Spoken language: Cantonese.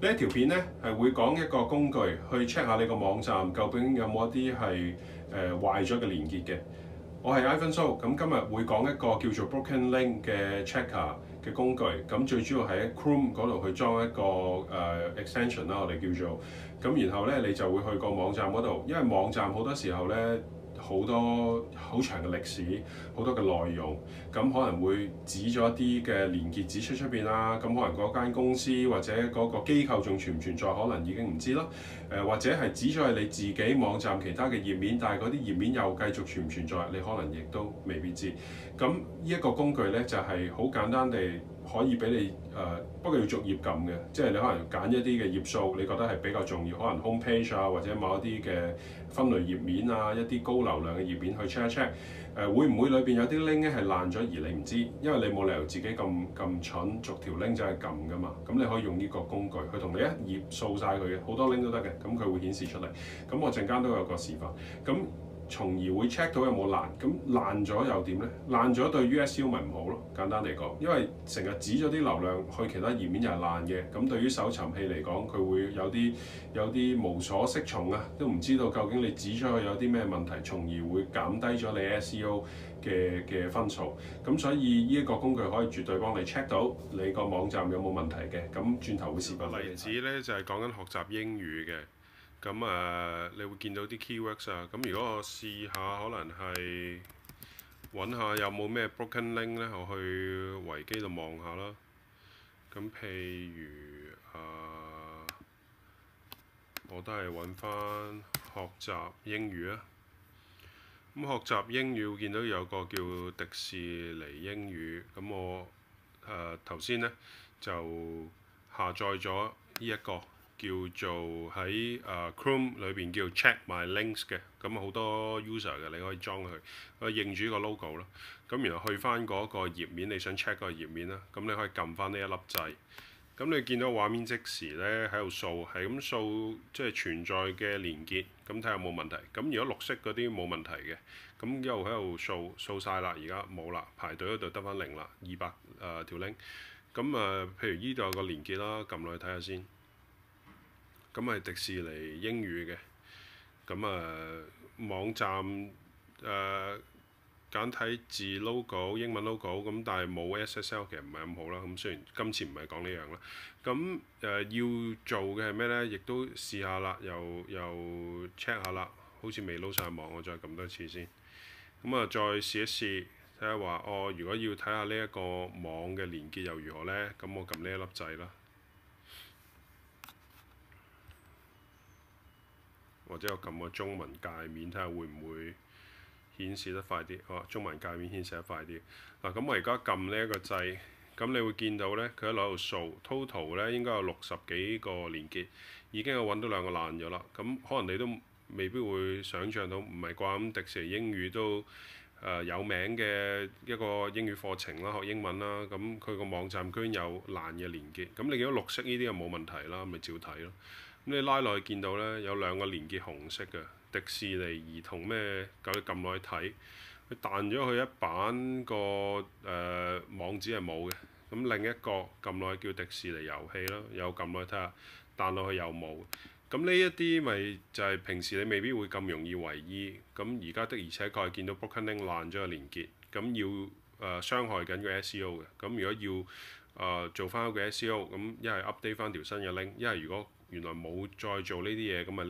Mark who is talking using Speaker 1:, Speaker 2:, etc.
Speaker 1: 條呢一條片咧係會講一個工具去 check 下你個網站究竟有冇一啲係誒壞咗嘅連結嘅。我係 Ivan So 咁今日會講一個叫做 Broken Link 嘅 Checker 嘅工具。咁最主要係喺 Chrome 嗰度去裝一個誒、呃、extension 啦，我哋叫做。咁然後咧，你就會去個網站嗰度，因為網站好多時候咧。好多好長嘅歷史，好多嘅內容，咁可能會指咗一啲嘅連結指出出面啦，咁可能嗰間公司或者嗰個機構仲存唔存在，可能已經唔知咯。誒、呃、或者係指咗係你自己網站其他嘅頁面，但係嗰啲頁面又繼續存唔存在，你可能亦都未必知。咁呢一個工具咧就係、是、好簡單地。可以俾你誒，不過要逐頁撳嘅，即係你可能揀一啲嘅頁數，你覺得係比較重要，可能 home page 啊，或者某一啲嘅分類頁面啊，一啲高流量嘅頁面去 check 一 check 誒、呃，會唔會裏邊有啲 link 呢係爛咗而你唔知？因為你冇理由自己咁咁蠢逐條 link 就係撳噶嘛。咁你可以用呢個工具，去同你一頁掃晒佢嘅好多 link 都得嘅，咁佢會顯示出嚟。咁我陣間都有個示範咁。從而會 check 到有冇爛，咁爛咗又點呢？爛咗對於 SEO 咪唔好咯。簡單嚟講，因為成日指咗啲流量去其他頁面又係爛嘅，咁對於搜尋器嚟講，佢會有啲有啲無所適從啊，都唔知道究竟你指出去有啲咩問題，從而會減低咗你 SEO 嘅嘅分數。咁所以呢一個工具可以絕對幫你 check 到你個網站有冇問題嘅。咁轉頭會示範例子咧，就係講緊學習英語嘅。咁誒啊，你會見到啲 keywords 啊。咁如果我試下，可能係揾下有冇咩 broken link 咧，我去維基度望下啦。咁譬如啊，我都係揾翻學習英語啊。咁學習英語會見到有個叫迪士尼英語。咁我誒頭先呢，就下載咗呢一個。叫做喺啊 Chrome 裏邊叫 Check My Links 嘅，咁好多 user 嘅，你可以裝佢。佢認住一個 logo 咯。咁然後去翻嗰個頁面，你想 check 嗰個頁面啦，咁你可以撳翻呢一粒掣。咁你見到畫面即時咧喺度掃，係咁掃，即係存在嘅連結，咁睇下有冇問題。咁如果綠色嗰啲冇問題嘅，咁又喺度掃掃曬啦，而家冇啦，排隊嗰度得翻零啦，二百啊條 link。咁啊，譬如依度有個連結啦，撳落去睇下先。咁係迪士尼英語嘅，咁啊、呃、網站誒、呃、簡體字 logo、英文 logo，咁但係冇 SSL，其實唔係咁好啦。咁雖然今次唔係講呢樣啦，咁誒、呃、要做嘅係咩呢？亦都試下啦，又又 check 下啦，好似未撈上網，我再撳多次先。咁啊，再試一試，睇下話哦，如果要睇下呢一個網嘅連結又如何呢？咁我撳呢一粒掣啦。或者我撳個中文界面睇下會唔會顯示得快啲？好，中文界面顯示得快啲。嗱、啊，咁我而家撳呢一個掣，咁你會見到呢，佢喺度掃，total 呢應該有六十幾個連結，已經有揾到兩個爛咗啦。咁可能你都未必會想象到，唔係啩？咁迪士尼英語都誒有名嘅一個英語課程啦，學英文啦。咁佢個網站居然有爛嘅連結，咁你見到綠色呢啲就冇問題啦，咪照睇咯。咁你拉落去見到呢，有兩個連結紅色嘅迪士尼兒童咩？咁你撳落去睇，佢彈咗佢一版個誒、呃、網址係冇嘅。咁另一個撳落去叫迪士尼遊戲咯，又撳落去睇下，彈落去又冇。咁呢一啲咪就係平時你未必會咁容易為意。咁而家的而且確係見到 broken link 爛咗個連結，咁要誒、呃、傷害緊個 SEO 嘅。咁如果要誒、呃、做翻嗰個 SEO，咁一係 update 翻條新嘅 link，一係如果原來冇再做呢啲嘢，咁咪拎。